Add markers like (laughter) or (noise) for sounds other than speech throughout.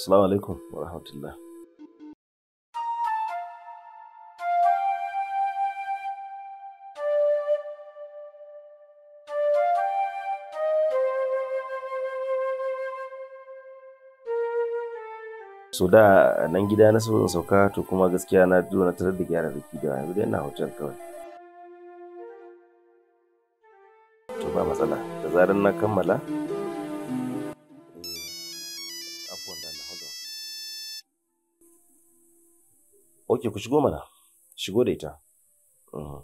Assalamu alaikum wa rahmatullah. so da nan gida na so sauka to kuma gaskiya na zo na tarar da gyara da yanzu dai ina hotel kawai to ba matsala da zarar na kammala ke ku shigo mana shigo da ita mm-hmm.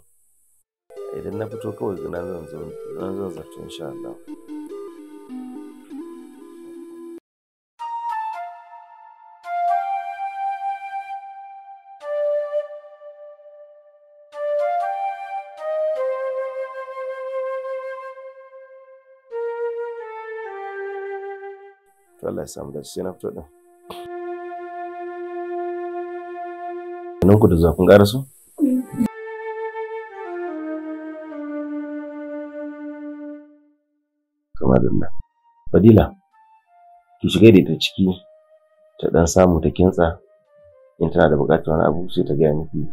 eh, idan na fito kawai na zan zarto insha Allah Allah ya samu da sai na fito din abokanan ku da zafin ƙara Kamar Fadila, ki shiga da ita ciki ta ɗan samu ta kintsa in tana da buƙatar wani abu sai ta gaya miki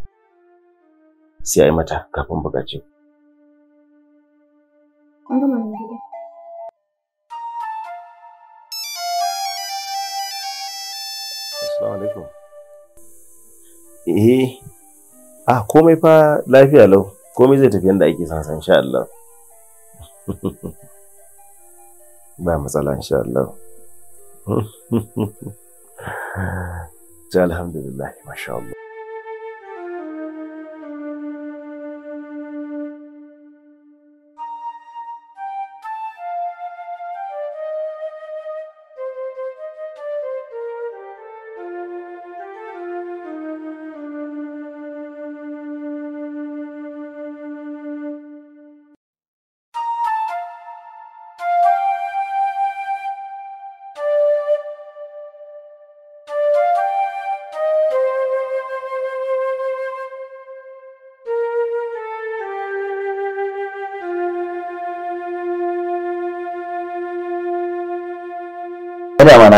sai a yi mata kafin buƙacin. eh ah komai fa lafiya lau komai zai tafi yadda ake sansa insha Allah (laughs) ba matsala insha Allah (laughs) ta alhamdulillah masha Allah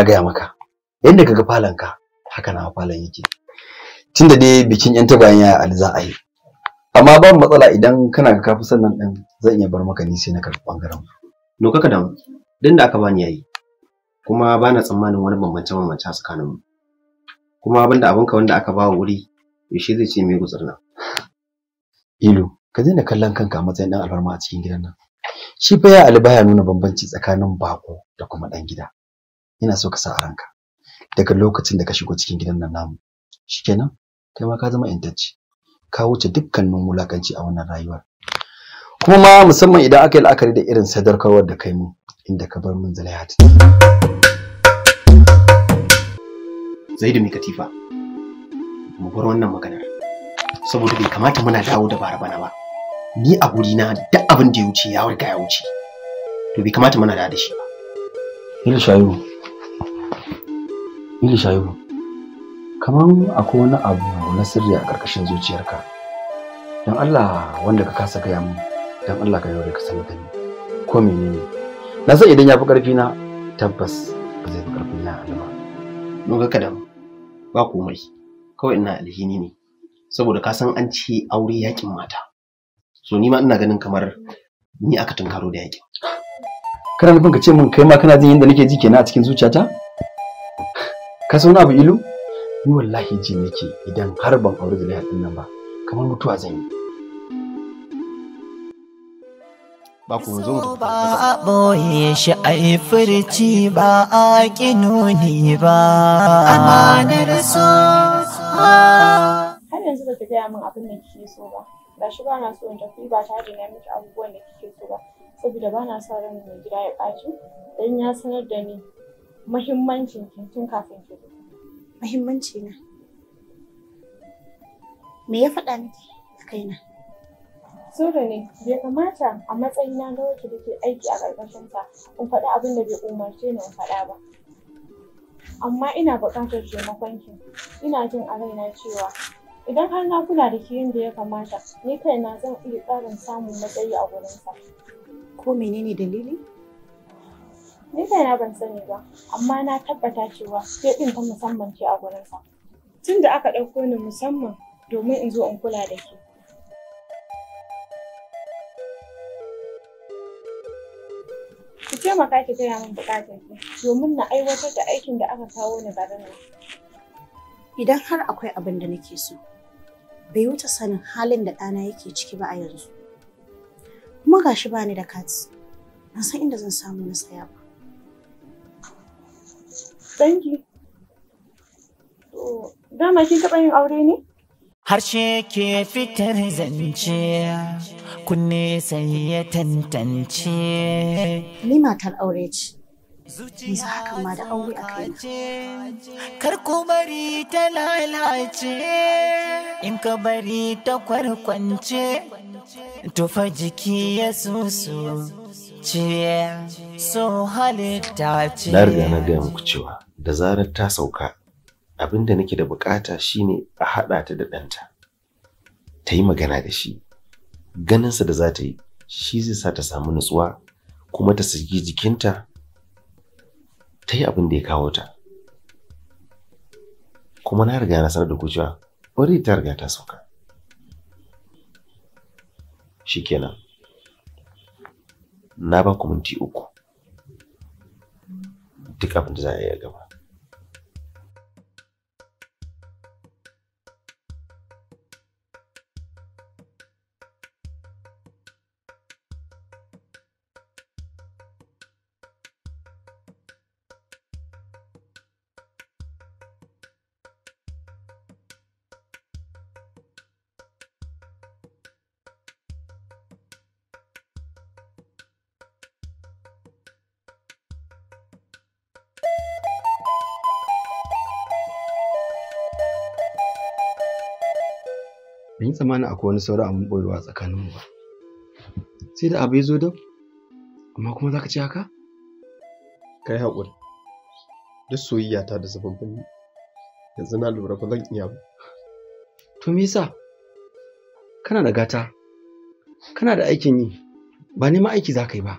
gaya maka yadda kaga falon ka haka na falon yake tun da dai bikin yan tagwayen yaya ali za a yi amma ba matsala idan kana ga kafi sannan din zan iya bar maka ni sai na karɓi bangaren no kaka da din da aka bani yayi kuma ba na tsammanin wani bambance bambance tsakanin mu kuma banda abinka wanda aka ba wuri yaushe zai ce mai gutsurna ilu ka daina kallon kanka a matsayin dan alfarma a cikin gidan nan shi fa ya ali baya nuna bambanci tsakanin bako da kuma dan gida ina so ka sa a ranka daga lokacin da ka shigo cikin gidan nan namu shikenan kai ma ka zama intacci ka wuce dukkanin wulakanci a wannan rayuwar kuma ma musamman idan aka yi la'akari da irin sadarkarwar da kai mu inda ka bar min zalaihat zaidu mai katifa mu bar wannan maganar saboda bai kamata muna dawo da bara bana ba ni a guri na duk abin da ya wuce ya riga ya wuce to bai kamata muna da da shi ba Ila shayu Ili shayu, kamar akwai wani abu na sirri a ƙarƙashin zuciyarka. Don Allah wanda ka kasa gaya min, don Allah ka yaure ka sanar da ni. Ko menene? Na san idan ya fi ƙarfi na tabbas ba zai fi ƙarfin na alba. Mun ga kadan ba komai. Kawai ina alhini ne. Saboda ka san an ce aure yakin mata. So ni ma ina ganin kamar ni aka tunkaro da yakin. Kana nufin ka ce min kai ma kana jin yadda nake ji kenan a cikin zuciyata? ka san abu ilu ni wallahi ji nake idan har ban aure zulaiha din nan ba kamar mutuwa zan yi ba ku zo ba a boye shi a yi furci ba a nuni ba amanar so har yanzu ba ta gaya min abin da kike so ba ba shi ba na so in tafi ba tare da na miki abubuwan da kike so ba saboda ba na sa ran mai gida ya ɓaci don ya sanar da ni muhimmancin ki tun kafin ki Muhimmanci na. Me ya faɗa miki a kaina? Sura ne, bai kamata a matsayina na wacce da ke aiki a ƙarƙashinta ta in faɗi abin da bai umarce ni in faɗa ba. Amma ina buƙatar taimakon ki. Ina jin a raina cewa idan har na kula da ki yadda ya kamata, ni kaina zan iya tsarin samun matsayi a gurinsa. Ko menene dalili? Ni na ban sani ba, amma na tabbata cewa ke ɗin ta musamman ce a gurinsa. Tun da aka ɗauko ni musamman domin in zo in kula da ke. Ki taimaka ki gaya min buƙatar ki domin na aiwatar da aikin da aka kawo ni garin nan. Idan har akwai abin da nake so, bai wuce sanin halin da ɗana yake ciki ba a yanzu. Kuma gashi bani da kati, ban san inda zan samu na saya ba. dama kin taɓa yin aure ne harshe ke fitar zance kunne sai ya tantance ni matar aure ce yanzu haka ma da aure a kai kar ku bari ta lalace in ka bari ta kwarkwance tufa jiki ya susu ce so halitta ce na riga na gaya muku cewa da zarar ta sauka abin da nake da bukata shine a haɗa ta da ɗanta ta yi magana da shi ganinsa da za ta yi shi zai sa ta samu nutsuwa kuma ta saki jikinta ta yi abin da ya kawo ta kuma na riga na sanar da ku cewa bari ta riga ta sauka shikenan na ba ku minti uku duk abin da za a yi a gaba ban yi tsammanin akwai wani sauran abin ɓoyewa tsakanin mu ba sai da abu ya zo don amma kuma za ka ce haka kai haƙuri duk soyayya ta da zaman birni yanzu na lura ba zan iya ba to me yasa kana da gata kana da aikin yi ba neman aiki za ka yi ba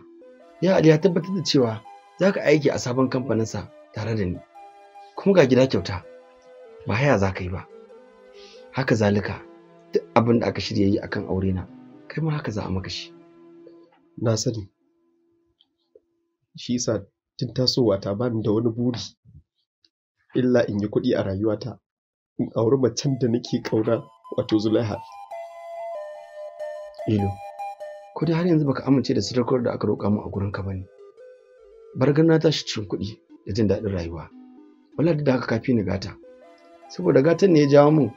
ya Ali ya tabbatar da cewa za ka aiki a sabon kamfaninsa tare da ni kuma ga gida kyauta ba haya za ka yi ba haka zalika duk abin da aka shirya yi akan aure na kai ma haka za a maka shi na sani shi yasa tun tasowa ta bani da wani buri illa in yi kuɗi a rayuwata in auri macen da nake ƙauna wato zulaiha ilo ko dai har yanzu baka amince da sadaukar da aka roƙa mu a gurin ka ne. bargar na tashi cikin kuɗi da jin daɗin rayuwa wala da haka kafi ni gata saboda gatan ne ya jawo mu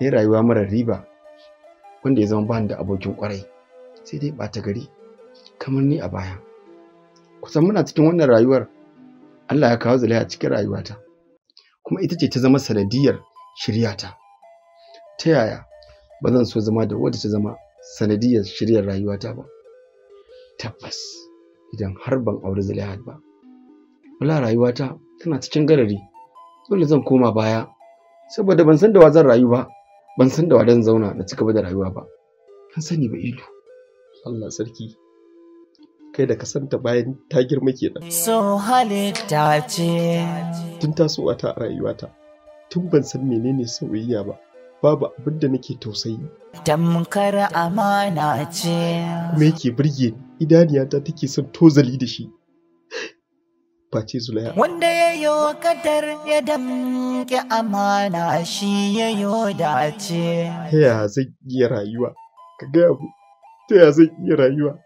Ni rayuwa mara riba wanda ya zama bani da abokin kwarai sai dai ɓata gari kamar ni a baya. Kusan muna cikin wannan rayuwar Allah ya kawo zulai cikin rayuwata kuma ita ce ta zama sanadiyar shiryata. Ta yaya ba zan so zama da wadda ta zama sanadiyar shiryar rayuwata ba? Tabbas idan har ban auri Zulaihat ba. Wala rayuwata tana cikin garari dole zan koma baya saboda ban san da wa zan rayu ba. ban san da wadan zauna na cigaba da rayuwa ba kan sani ba ido Allah sarki kai da ka kasanta bayan ta girma kenan so halitta ce tun tasowa ta a rayuwata tun ban san menene soyayya ba babu abin da nake tausayi tamkar amana ce kuma yake burge idaniya idaniyata take son tozali da shi Fati Zulaiha. Wanda ya yi kadar ya damke amana shi ya yi dace. Ta ya zan iya rayuwa? Ka gaya mu, ta ya zan iya rayuwa?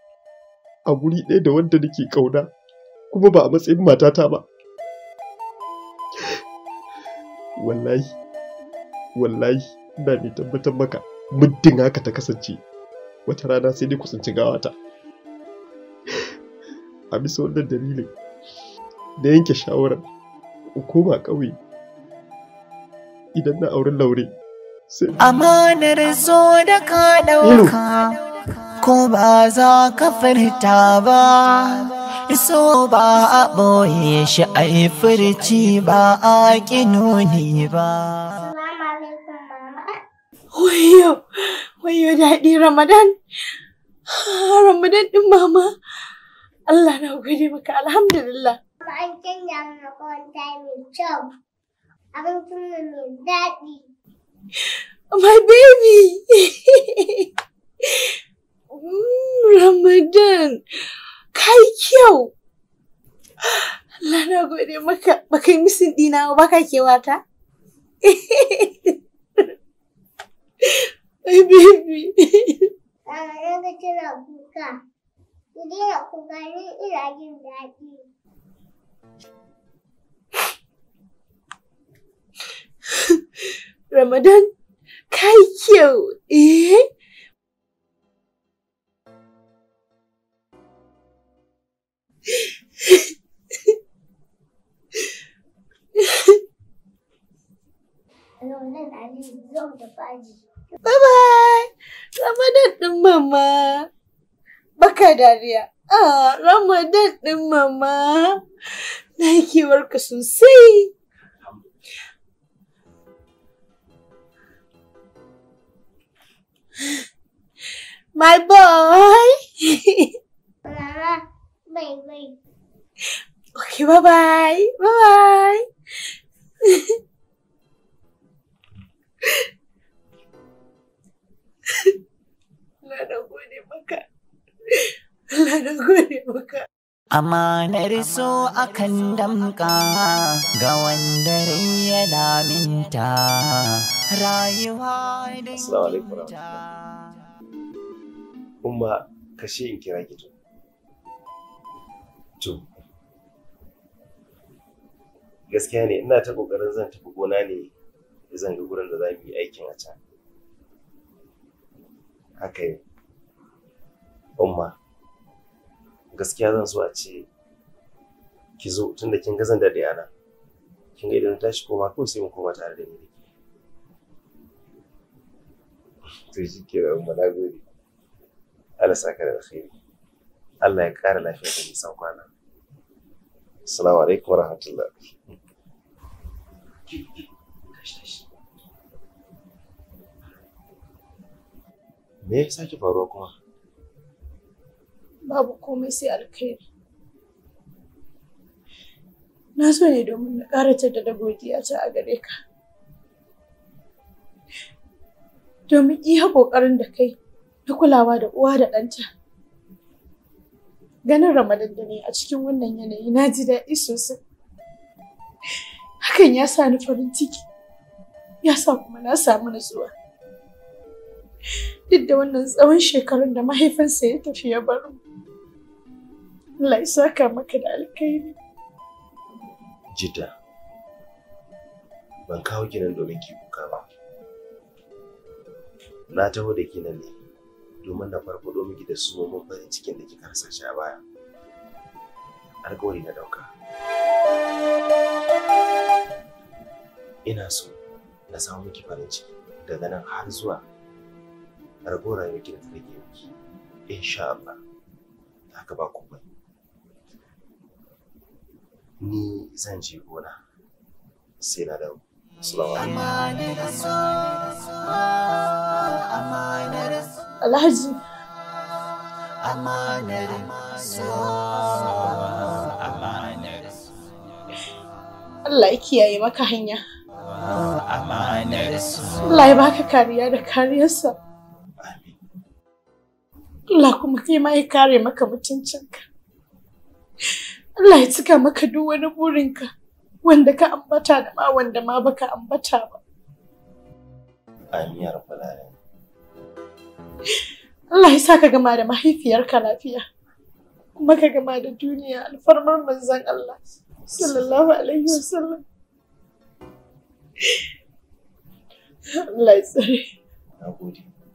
A guri ɗaya da wanda nake ƙauna, kuma ba a matsayin matata ba. Wallahi, wallahi, ina mai tabbatar maka, muddin haka ta kasance, wata rana sai dai kusanci gawata. A bisa wannan dalilin, da yanke shawarar in koma ƙauye idan na auri laure amanar zo da ka ɗauka ko ba za ka furta ba so ba a ɓoye shi a yi furci ba a ƙinoni ba. Wayo, wayo daɗi Ramadan, ah, Ramadan ɗin mama, Allah na gode maka alhamdulillah. an canja mana kwanta mai kyau. Abincin mai daɗi. My baby! Mm, Ramadan, ka kyau. Allah na gode maka baka yi misin ɗina ba ka kewata. (laughs) My baby. Ramadan ka kuka. Ku daina kuka ni ina jin daɗi. (laughs) Ramadan, kai kyau, eh? (laughs) Bye bye! Ramadan ɗin mama. Baka dariya. Ah, Ramadan ɗin mama. Na yi kewarka sosai. My boy. Bye (laughs) bye. Okay, bye bye. Bye bye. Amanar riso akan damka ga wanda rai ya daminta rayuwa da umma kashe in kira ki to to gaskiya ne ina ta kokarin zan tafi gona ne zan ga gurin da za mu yi aikin a can haka yi umma gaskiya zan so a ce ki zo tunda kin ga zan daɗe ana kin ga idan tashi koma ko sai mu koma tare da ni to shi ke umma na gode Allah saka da alkhairi Allah ya ƙara lafiya da nisan kwana assalamu alaikum warahmatullah me ya sake faruwa kuma babu komai sai alkhairi na so ne domin na ƙara da dagogiya ta a gare ka domin iya ƙoƙarin da kai ta kulawa da uwa da ɗanta. Ganin Ramadan ne a cikin wannan yanayi na ji daɗi sosai. Hakan ya sa ni farin ciki, ya sa kuma na samu nutsuwa. Duk da wannan tsawon shekarun da mahaifinsa ya tafi ya bar mu. Allah ya saka maka da alkhairi. Jidda, ban kawo ki nan domin ki kuka ba. Na taho da ki nan ne domin na farfaɗo miki da su mun farin cikin da kika rasa shi a baya alƙawari na ɗauka ina so na samu miki farin ciki daga nan har zuwa ragowar rayuwarki da ta rage miki insha Allah haka ba komai ni zan je gona sai na dawo Assalamu alaikum. Alhaji. Amanar amanar Allah ya kiyaye maka hanya. Amanar Allah ya baka kariya da kariyarsa. Allah kuma kai ma ya kare maka mutuncinka. Allah ya cika maka duk wani burinka wanda ka ambata da ma wanda ma baka ambata ba. Amin ya rabbal alamin. Allah ya sa ka gama da mahaifiyarka lafiya. Kuma ka gama da duniya alfarmar manzon Allah. Sallallahu Alaihi Wasallam. Allah ya tsare. Na gode.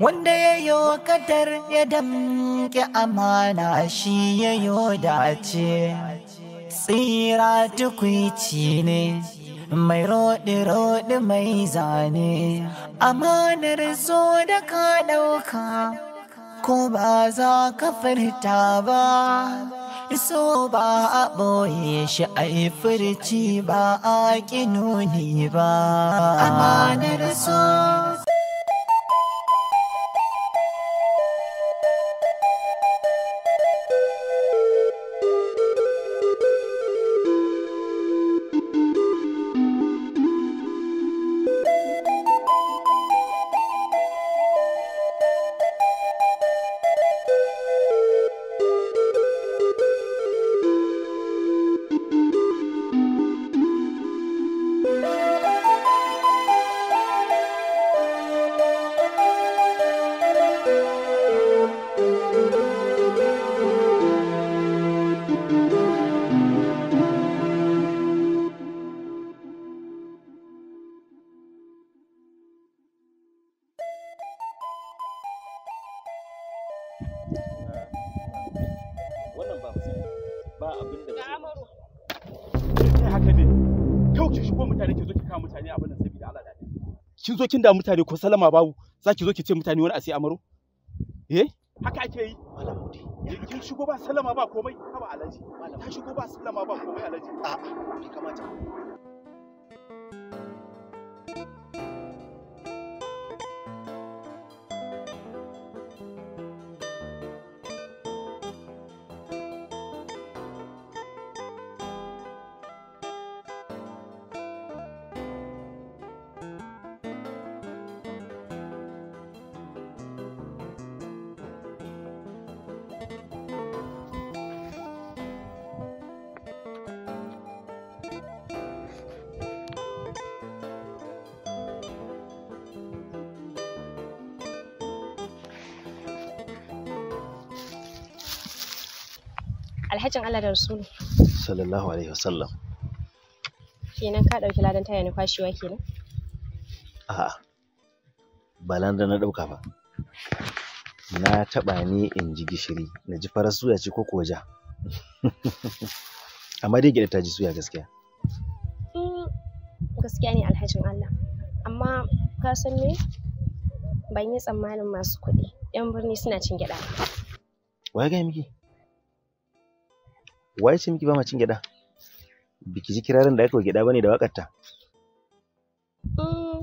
wanda ya yo kadar ya damke amana shi ya yi dace tsira tukwici ne mai roɗi-roɗi mai zane amanar zo da ka ɗauka ko ba za ka furta ba so ba a ɓoye shi a yi furci ba a ƙi ba amanar so zo kin da mutane ko salama babu zaki zo ki ce mutane wani a sai amaro eh haka ake yi eh, kin shigo ba salama ba komai ba alaji ta shigo ba salama ba komai alaji a'a kamata alhajin Allah da Rasulu sallallahu alaihi wasallam kenan ka ɗauki ladan taya ni kwashewa kenan a'a ba ladan na ɗauka ba na taɓa ni in ji gishiri na ji farar suya ce ko koja (laughs) amma dai gida ta ji suya gaskiya mm, gaskiya ne alhajin Allah amma ka san me ban yi tsammanin masu kuɗi 'yan birni suna cin gyaɗa wa ya gaya miki waye ce miki ba macin cin gyaɗa biki ji kirarin da aka wa gyaɗa bane da waƙarta. Mm,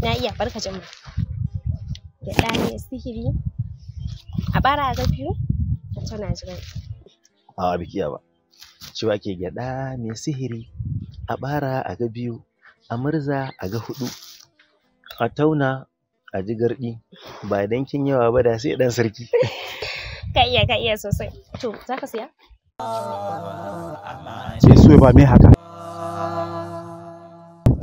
na iya barka jamba gyaɗa ne sihiri a bara ga biyu tana jiran a biki ba cewa ake gyaɗa mai sihiri a bara a ga biyu a murza a ga hudu a tauna a ji gardi ba dan kin yawa ba da sai dan sarki (laughs) ka iya ka iya sosai to zaka siya ke so ba me haka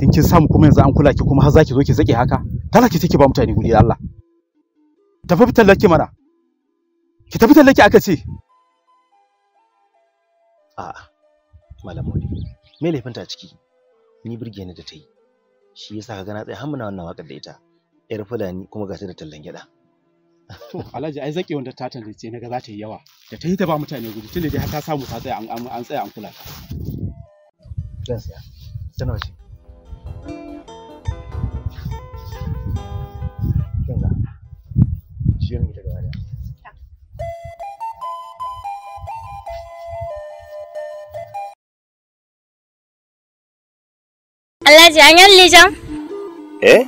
in kin samu kuma yanzu an kula ki kuma har zaki zo ki zake haka tana ki take ba mutane guri Allah tafi fitar laki mana ki tafi fitar laki aka ce a'a malam Maudi me laifinta ciki ni birge ni da ta yi shi yasa ka ga na tsaya hammuna wannan waƙar da ita yar fulani kuma ga ta da tallan gyaɗa alhaji ai zake wanda ta tantance na ga za ta yi yawa da ta yi ta ba mutane gudu tunda dai har ta samu ta tsaya an tsaya an kula ta gaskiya tana ce kinga jiyan ne gaba da Alhaji an yi lijan? Eh?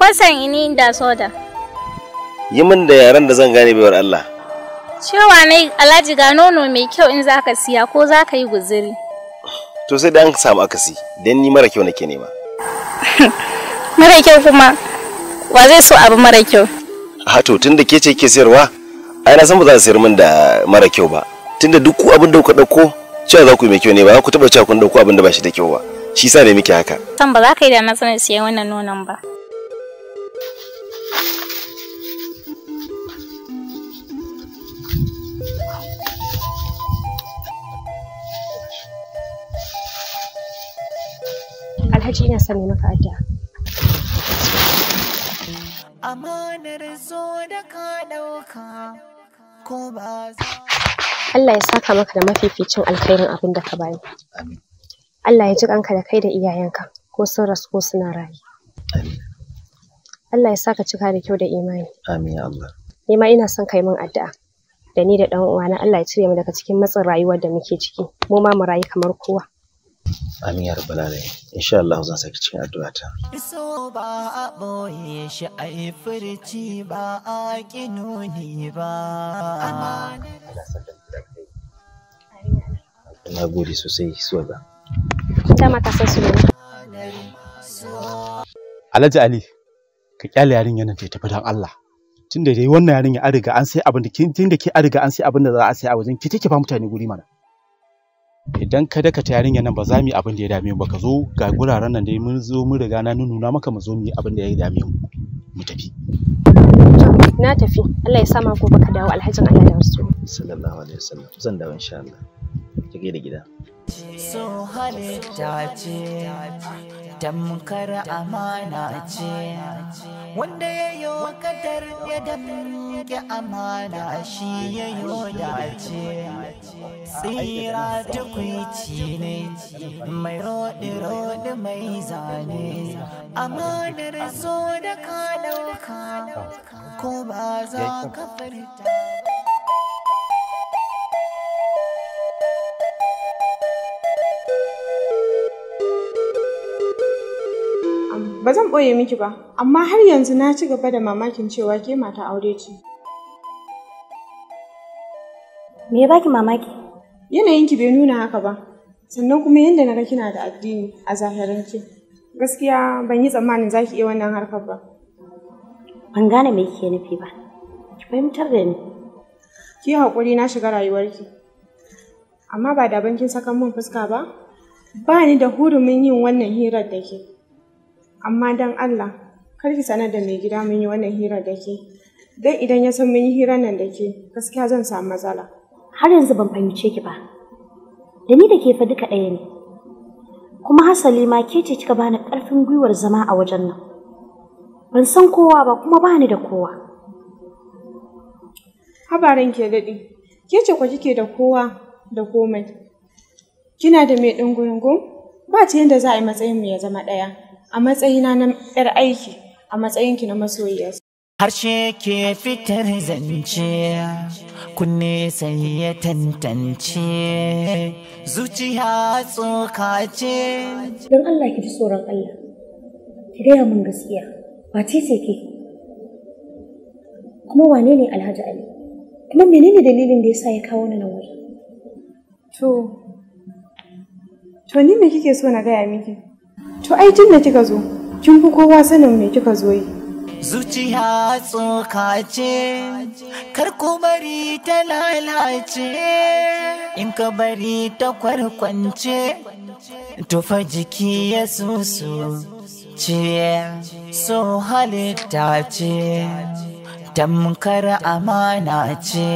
Kwasan ini da soda. yi min da yaren da zan gane baiwar Allah cewa na alhaji ga nono mai kyau in za ka siya ko za ka yi guziri to sai da an samu akasi don ni mara kyau nake nema (laughs) mara kyau kuma wa zai so abu mara kyau ha to tun da ke ce ke sayarwa ai na san ba za a sayar min da mara kyau ba tunda duk abin da kuka dauko cewa za ku yi mai kyau ne ba za ku taba cewa kun dauko abin da ba shi da kyau ba shi sa ne muke haka san ba za ka yi da na sanar siya wannan nonon ba alhaji ina son maka addu'a amanar da ka ɗauka Allah ya saka maka da mafificin alkhairin abin da ka bayi Allah ya ji kanka da kai da iyayenka ko sun rasu ko suna rayu. Allah ya saka cika da kyau da imani. Amin Allah. ina son kai min addu'a. Da ni da ɗan uwana Allah ya cire mu daga cikin matsin rayuwar da muke ciki. Mu ma mu rayu kamar kowa. Amin ya rabbal alamin. Insha Allah zan saki cikin addu'a ta. Iso ba a boye shi a yi furci ba a kinuni ba. Na gode sosai suwa ba. Ta mata san su Alhaji Ali, ka kyale yarin nan ta tafi don Allah. Tunda dai wannan yarinya ya riga an sai abin da kin tunda ke riga an sai abin da za a sai a wajen ki take ba mutane guri mana. idan ka daka yarinyar nan ba za mu yi abin da ya dame mu ba ka zo ga guraren nan dai mun zo mun riga na nuna maka mu zo mu yi abin da ya dame mu mu tafi na tafi Allah ya sama gobe ka dawo alhajin Allah da rasu sallallahu alaihi wasallam zan dawo insha Allah ki da gida so halitta ce damkar amana ce wanda ya yi wa kadar ya damke amana shi ya yi ce tsira tukwici ne mai rodi rodi mai zane amanar zo da ka ɗauka ko ba za ka furta ba zan ɓoye miki ba, amma har yanzu na ci gaba da mamakin cewa ke mata aure ce. Me ya baki mamaki? Yanayinki bai nuna haka ba, sannan kuma yadda na ga kina da addini a zahirance. Gaskiya ban yi tsammanin za ki iya wannan harkar ba. Ban gane me ke nufi ba, ki fahimtar da ni. Ki haƙuri na shiga rayuwarki, amma ba da bankin sakan mun fuska ba, ba ni da hurumin yin wannan hirar da ke. amma don Allah kar ki sanar da mai gida mun yi wannan hira da ke don idan ya san mun yi hirar nan da ke gaskiya zan samu matsala har yanzu ban fahimce ki ba da ni da ke fa duka ɗaya ne kuma hasali ma ke ce kika bani ƙarfin gwiwar zama a wajen nan ban san kowa ba kuma bani da kowa habarin ke daɗi ke ce ku kike da kowa da komai kina da mai ɗungungun ba ta yadda za a yi matsayin mu ya zama ɗaya a matsayina na 'yar aiki a matsayinki na masoyiya. Harshe ke fitar zance, kunne sai ya tantance, zuciya tsokace. ce. Don Allah ki tsoron Allah, ki gaya min gaskiya, ba ce ke? Kuma wane ne Alhaji Ali? Kuma menene dalilin da ya sa ya kawo ni nan wuri? To, to ni me kike so na gaya miki? To ai tun da kika zo, kin fi kowa sanin me kika zo yi. Zuciya tsoka ce, kar ku bari ta lalace, in ka bari ta kwarkwance, tufa jiki ya susu ce, so halitta ce, tamkar amana ce.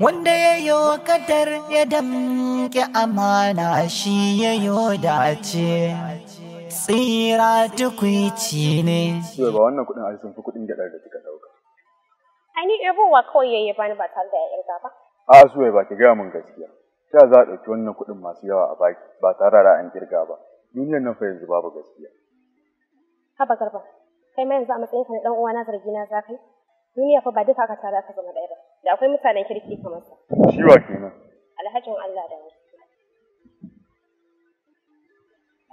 wanda ya yi kadar ya damke amana shi ya yi dace. tsira tukwici ne. Yau ba wannan kuɗin ai sun fi kuɗin gyaɗa da kika ɗauka. Ai ni wa kawai yayi bani ba tare da ya irga ba. A'a su ba ki gaya min gaskiya. Ta za a ɗauki wannan kuɗin masu yawa a baki ba tare da an kirga ba. Duniyar nan fa yanzu babu gaskiya. Haba garba, kai ma yanzu a matsayinka na ɗan uwana zargi na za kai? Duniya fa ba duka aka tare aka zama ɗaya ba. Da akwai mutanen kirki kamar sa. Shi wa kenan. Alhajin Allah da mu.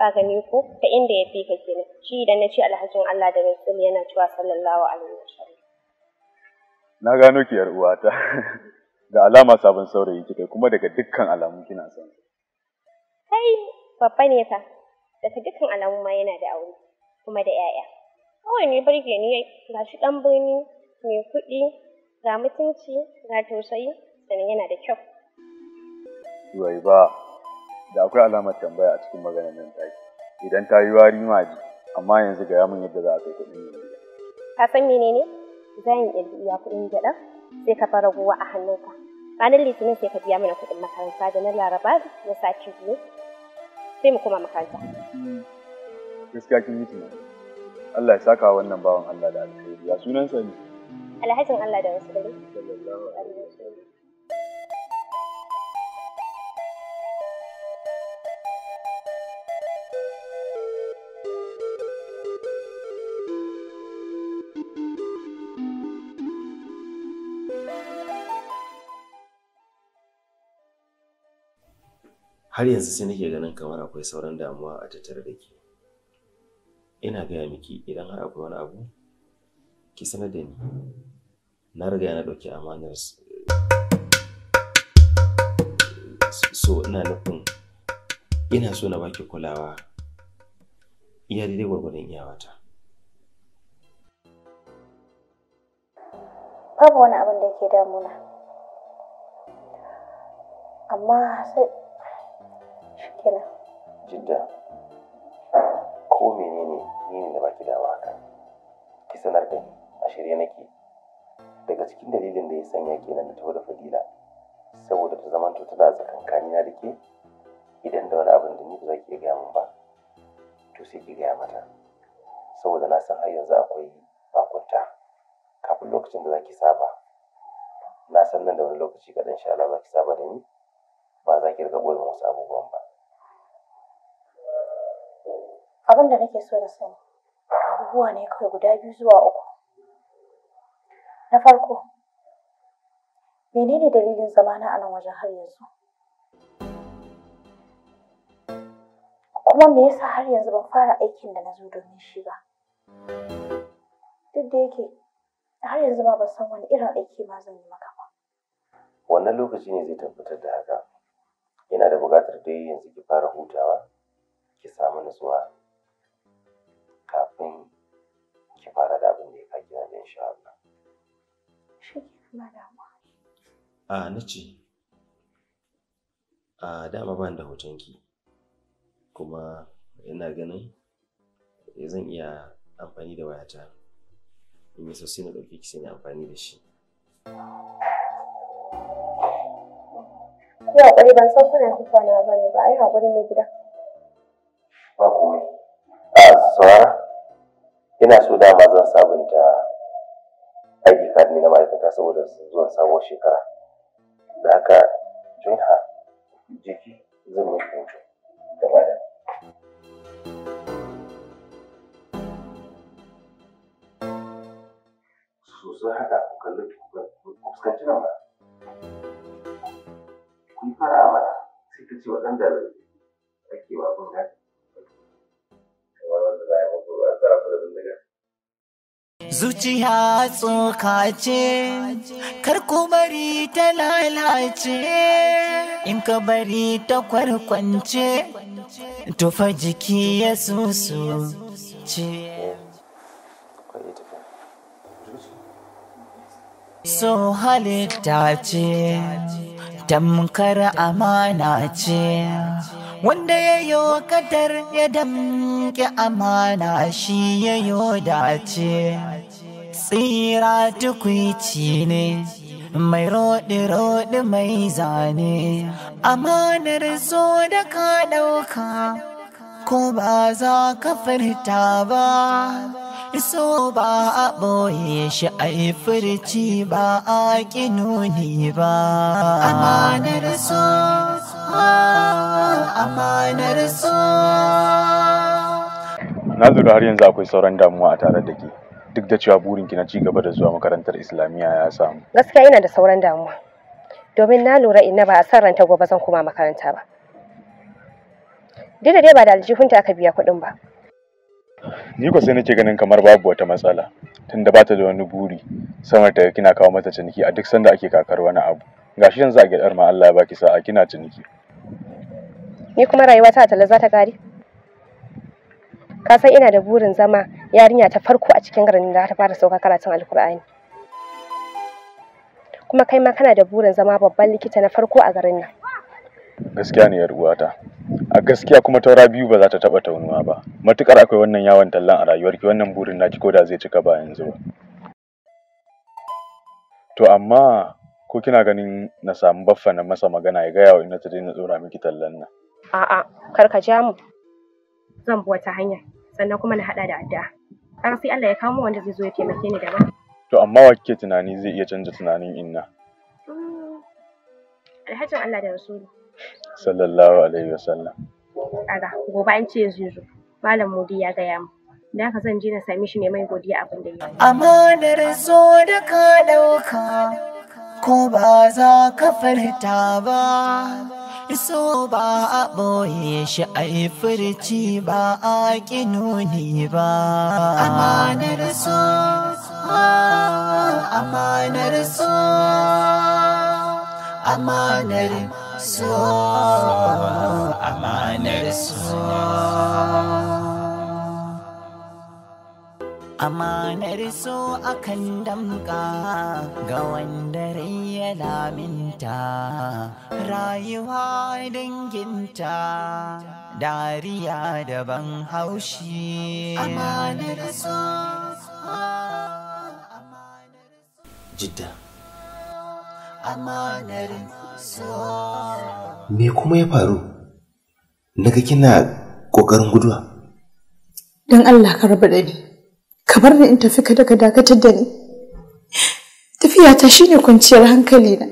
ka ko ta inda ya fi ka kenan shi idan na ce alhajin Allah da Rasul yana cewa sallallahu alaihi wa sallam na gano ki yar uwata (laughs) da alama sabon saurayi kika kuma daga dukkan alamu kina son kai babba ne fa daga dukkan alamu ma yana da aure kuma da 'ya'ya. kawai ne barge ni ga shi dan birni mai kuɗi ga mutunci ga tausayi sannan yana da kyau Yau ba da akwai alamar tambaya a cikin maganar nan take idan ta yi wari ma ji amma yanzu ga yamin yadda za a kai kuɗin yanzu ka san menene zan yi iya kuɗin gyaɗa sai ka fara guwa a hannunka ranar litinin sai ka biya mana kuɗin makaranta da na laraba na sati biyu sai mu koma makaranta gaskiya kin yi tunani Allah ya saka wannan bawan Allah da alkhairi ya sunansa ne alhajin Allah da wasu sallallahu alaihi wasallam har yanzu sai nake ganin kamar akwai sauran damuwa a tattare da ke ina gaya miki idan har akwai wani abu ki sanar da ni na riga na ɗauki amanar so ina nufin ina so na baki kulawa iya daidai gwargwadon iyawata babu wani abin da ke damuna amma sai kenan jidda ko menene ni ne da baki da haka ki sanar da ni a shirye nake daga cikin dalilin da ya sanya kenan nan taho da fadila saboda ta zamanto tana tsakankanina da ke idan da wani abin da ni ba za ki gaya min ba to sai ki gaya mata saboda na san har yanzu akwai bakunta kafin lokacin da za ki saba na san nan da wani lokaci kaɗan sha Allah za ki saba da ni ba za ki riga boye wasu abubuwan ba abin da nake so da sani abubuwa ne kawai guda biyu zuwa uku na farko menene dalilin zamana na anan wajen har yanzu kuma me yasa har yanzu ban fara aikin da na zo domin shi ba duk da yake har yanzu ma ban san wani irin aiki ma zan yi maka ba wannan lokaci ne zai tabbatar da haka yana da buƙatar dai yanzu ki fara hutawa ki samu nutsuwa kafin ki fara da abin da ya kaki na insha Allah. Shi A na ce, a dama ban da hotonki kuma ina ganin eh, zan iya amfani da wayata in yi sosai na ɗauke ki sai amfani da shi. Ku haƙuri ban san kuna fi kwana ba ne ba, ai haƙuri mai gida. Ba komai. A saurara. ina so dama zan sabunta ID card ne na ma'aikata saboda zuwan sabuwar shekara da haka junha jiki zan yi hoto gaba da sosai haka ku kalli ku fuskanci nan ba ku yi a mana sai ta ce waɗanda ake wa abin gadi. Kamar wanda za a yi muku a tsara da zuciya tsoka ce kar ku bari ta lalace in ka bari ta kwarkwance tufa jiki ya susu ce so halitta ce tamkar amana ce wanda ya yi kadar ya damke amana shi ya yi dace. tsira tukwici ne mai roɗe-roɗe mai zane amanar zo da ka ɗauka ko ba za ka furta ba so ba a ɓoye shi a yi furci ba a ƙinoni ba amanar so ah, amanar so na har yanzu akwai sauran damuwa a tare da ke duk da cewa burinki na ci gaba da zuwa makarantar islamiyya ya samu gaskiya ina da sauran damuwa domin na lura ina ba a san ranta gobe zan koma makaranta ba duk da dai ba da aljihun ta aka biya kuɗin ba ni ko sai nake ganin kamar babu wata matsala tunda bata da wani buri samar da kina kawo mata ciniki a duk sanda ake kakar wani abu gashi yanzu a gidar ma Allah ya baki sa'a kina ciniki ni kuma rayuwata ta za ta kare ka san ina da burin zama yarinya ta farko a cikin garin da ta fara sauka karatun alkur'ani kuma kai ma kana da burin zama babban likita na farko a garin nan gaskiya ne uwata a gaskiya kuma taura biyu ba za ta taba taunuwa ba matukar akwai wannan yawon tallan a rayuwarki wannan burin naki ko da zai cika ba yanzu ba to amma ko kina ganin na samu baffa na masa magana ya gaya wa ina ta daina tsora miki tallan nan a'a kar ka ja mu zan bi wata hanya sannan kuma na haɗa da addu'a har sai Allah ya kawo mu wanda zai zo ya taimake ni daban to amma wa kike tunani zai iya canza tunanin inna mm, alhajin Allah da rasulu sallallahu alaihi wasallam kaga gobe an ce zai zo malam mudi ya gaya mu da haka zan je na same shi ne mai godiya abin da ya yi amanar zo da ka ɗauka ko ba za ka farta ba iso ba a ɓoye shi a yi furci ba a nuni ba. Amanar so, amanar so, amanar so, amanar so. amanar so akan damka ga wanda rai ya laminta rayuwa danginta dariya daban haushi ah, amanar so jidda amanar so me kuma ya faru naga kina ƙoƙarin guduwa don allah ka raba ɗari. bar ni in tafi ka daga dakatar da ni tafiya ta shine kwanciyar hankali na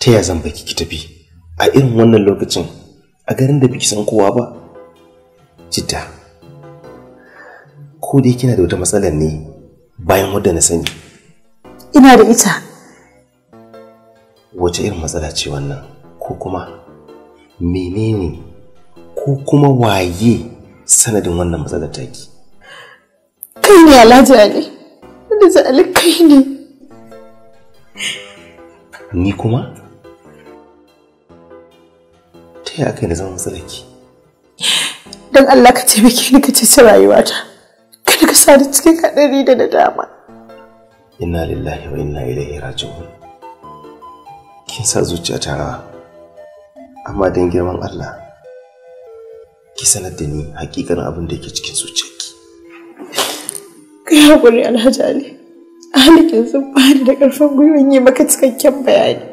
ta ya zan baki ki tafi a irin wannan lokacin a garin da biki san kowa ba citta ko dai kina da wata matsalar ne bayan wadda na sani ina da ita wace irin matsala ce wannan ko kuma menene ko kuma waye sanadin wannan matsalar taki kai ne alhaji ali alhaji ali kai ne ni kuma ta yi aka yi da zama matsalaki don allah ka taimake ni ka ta rayuwata kada ka sani cikin haɗari da nadama inna lillahi wa inna ilaihi raji'un kin sa zuciya ta rawa amma don girman allah ki sanar da ni hakikanin abin da yake cikin zuciyarki kai hakuri alhaji ali a halikin sun bani da karfin gwiwan yi maka cikakken bayani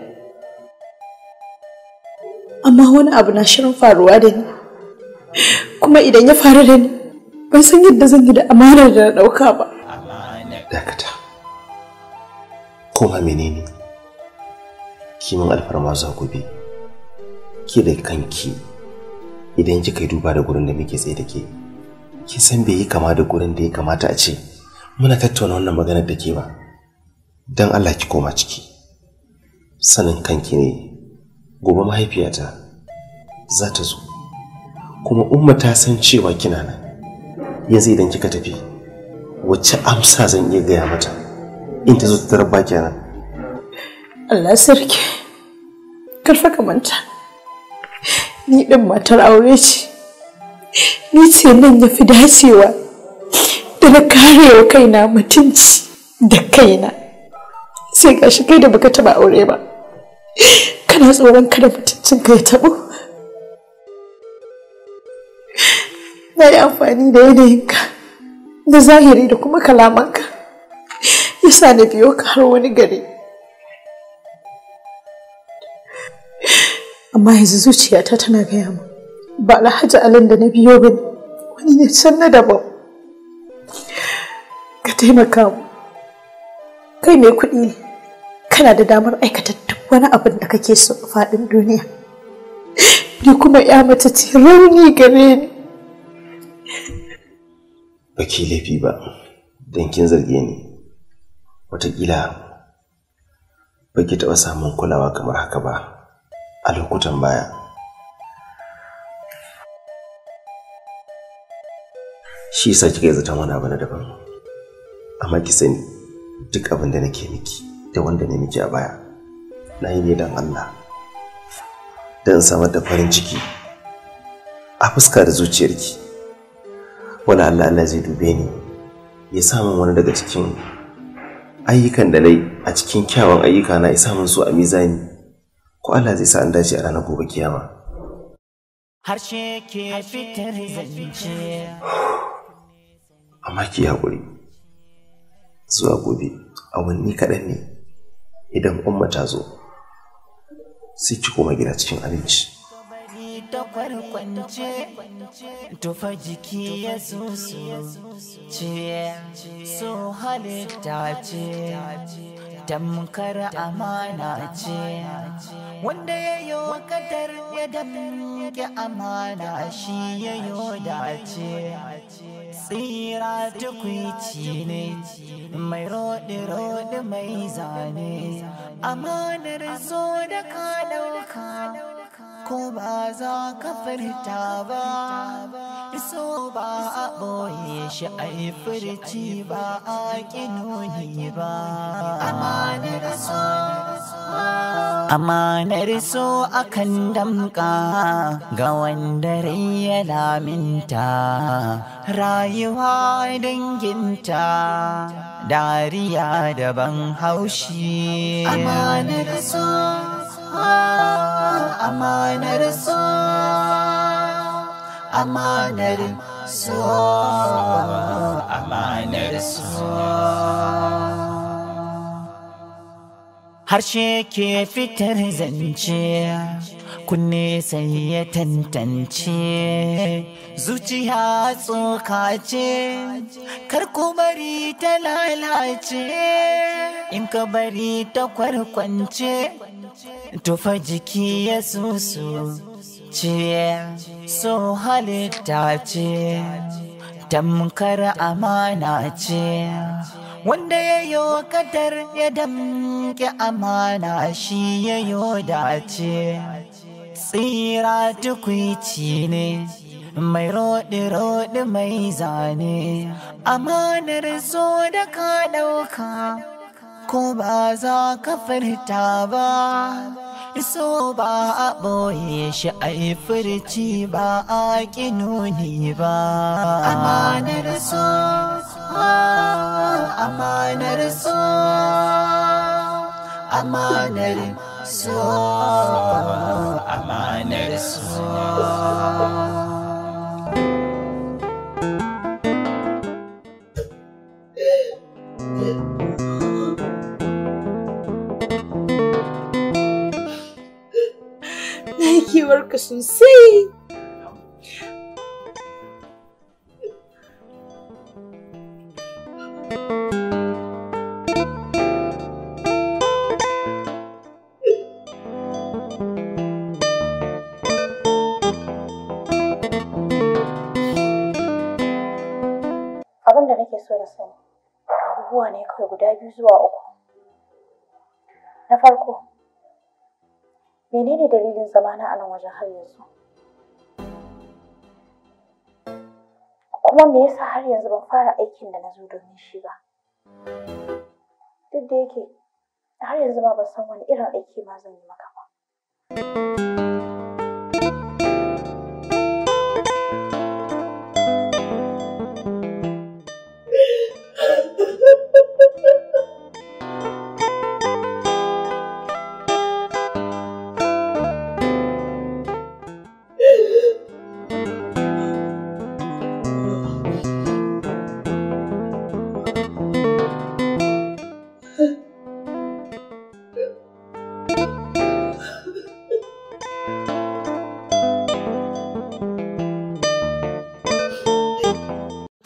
amma wani abu na shirin faruwa da ni kuma idan ya faru da ni ban san yadda zan yi da amanar da na ɗauka ba dakata kuma menene kiman alfarma za ku da kanki idan kika yi duba da gurin da muke tsaye da ke kin san bai yi kama da gurin da ya kamata a ce muna tattauna wannan maganar da ke ba don Allah ki koma ciki sanin kanki ne gobe mahaifiyata za ta zo kuma umma ta san cewa kina nan yanzu idan kika tafi wacce amsa zan iya gaya mata in ta zo ta tarar baki nan Allah sarki karfa ka manta ni din matar aure ce ni ce nan ya fi dacewa da na kare wa kaina mutunci da kaina sai ga kai da baka taba aure ba kana tsoron kada mutuncin ka ya tabo na yi amfani da yanayinka Da zahiri da kuma kalamanka yasa na biyo ka har wani gari amma yanzu zuciyata tana gaya mu ba alhaji alin da na biyo ba wani ne can na daban ka taimaka mu kai mai kuɗi ne kana da damar aikata duk wani abin da kake so faɗin duniya ni kuma ya mace ce rauni gare ni ba ke laifi ba don kin zarge ni watakila ba ki taɓa samun kulawa kamar haka ba a lokutan baya shi sa kika yi zaton wani abu na daban amma ki sani duk abin da nake miki da wanda ne miki a baya na yi ne dan Allah don samar da farin ciki a fuska da zuciyarki wani Allah Allah zai dube ni ya samun wani daga cikin ayyukan da nai a cikin kyawun ayyuka na isa samun su a mizani ko Allah zai sa an dace a ranar gobe kiyama harshe ke fitar zance amma ki haƙuri zuwa gobe awanni kaɗan ne idan umma ta zo sai ki koma gida cikin abinci ta kwarkwance tufa jiki ya zusu ce so halitta ce damkar amana ce wanda ya yi kadar ya damke amana shi ya yi dace tsira tukwici ne mai roɗe-roɗe mai zane amanar zo da ka ɗauka ko ba za ka furta ba so ba a ɓoye shi a yi furci ba a ƙinoni ba amanar so amanar so akan damka ga wanda rai ya laminta rayuwa danginta dariya daban haushi amanar so amanar so amanar so amanar harshe ke fitar zance kunne sai ya tantance zuciya tsoka ce kar bari ta lalace in ka bari ta kwarkwance tufa jiki ya susu ce so halitta ce tamkar amana ce wanda ya yi kadar ya damke amana shi ya yi dace tsira tukwici ne mai roɗi-roɗi mai zane amanar zo da ka ɗauka ko ba za ka furta ba so ba a boye shi a yi furci ba a ƙi nuni ba amanar so amanar so amanar so amanar so Yeah. Eh. gogewarka sosai abin da nake so da sani abubuwa ne kawai guda biyu zuwa uku na farko menene dalilin zamana a nan wajen har yanzu kuma me yasa har yanzu ban fara aikin da na zo domin shi ba duk da yake har yanzu ma ban san wani irin aiki ma zan yi maka ba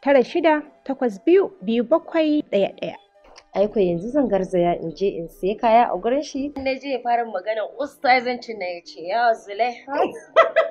tara shida takwas biyu biyu bakwai ɗaya ɗaya. Aiko yanzu zan garzaya in je in sai kaya a gurin shi. Na je fara maganar ustazancin na ya ce yawa zulai. (laughs)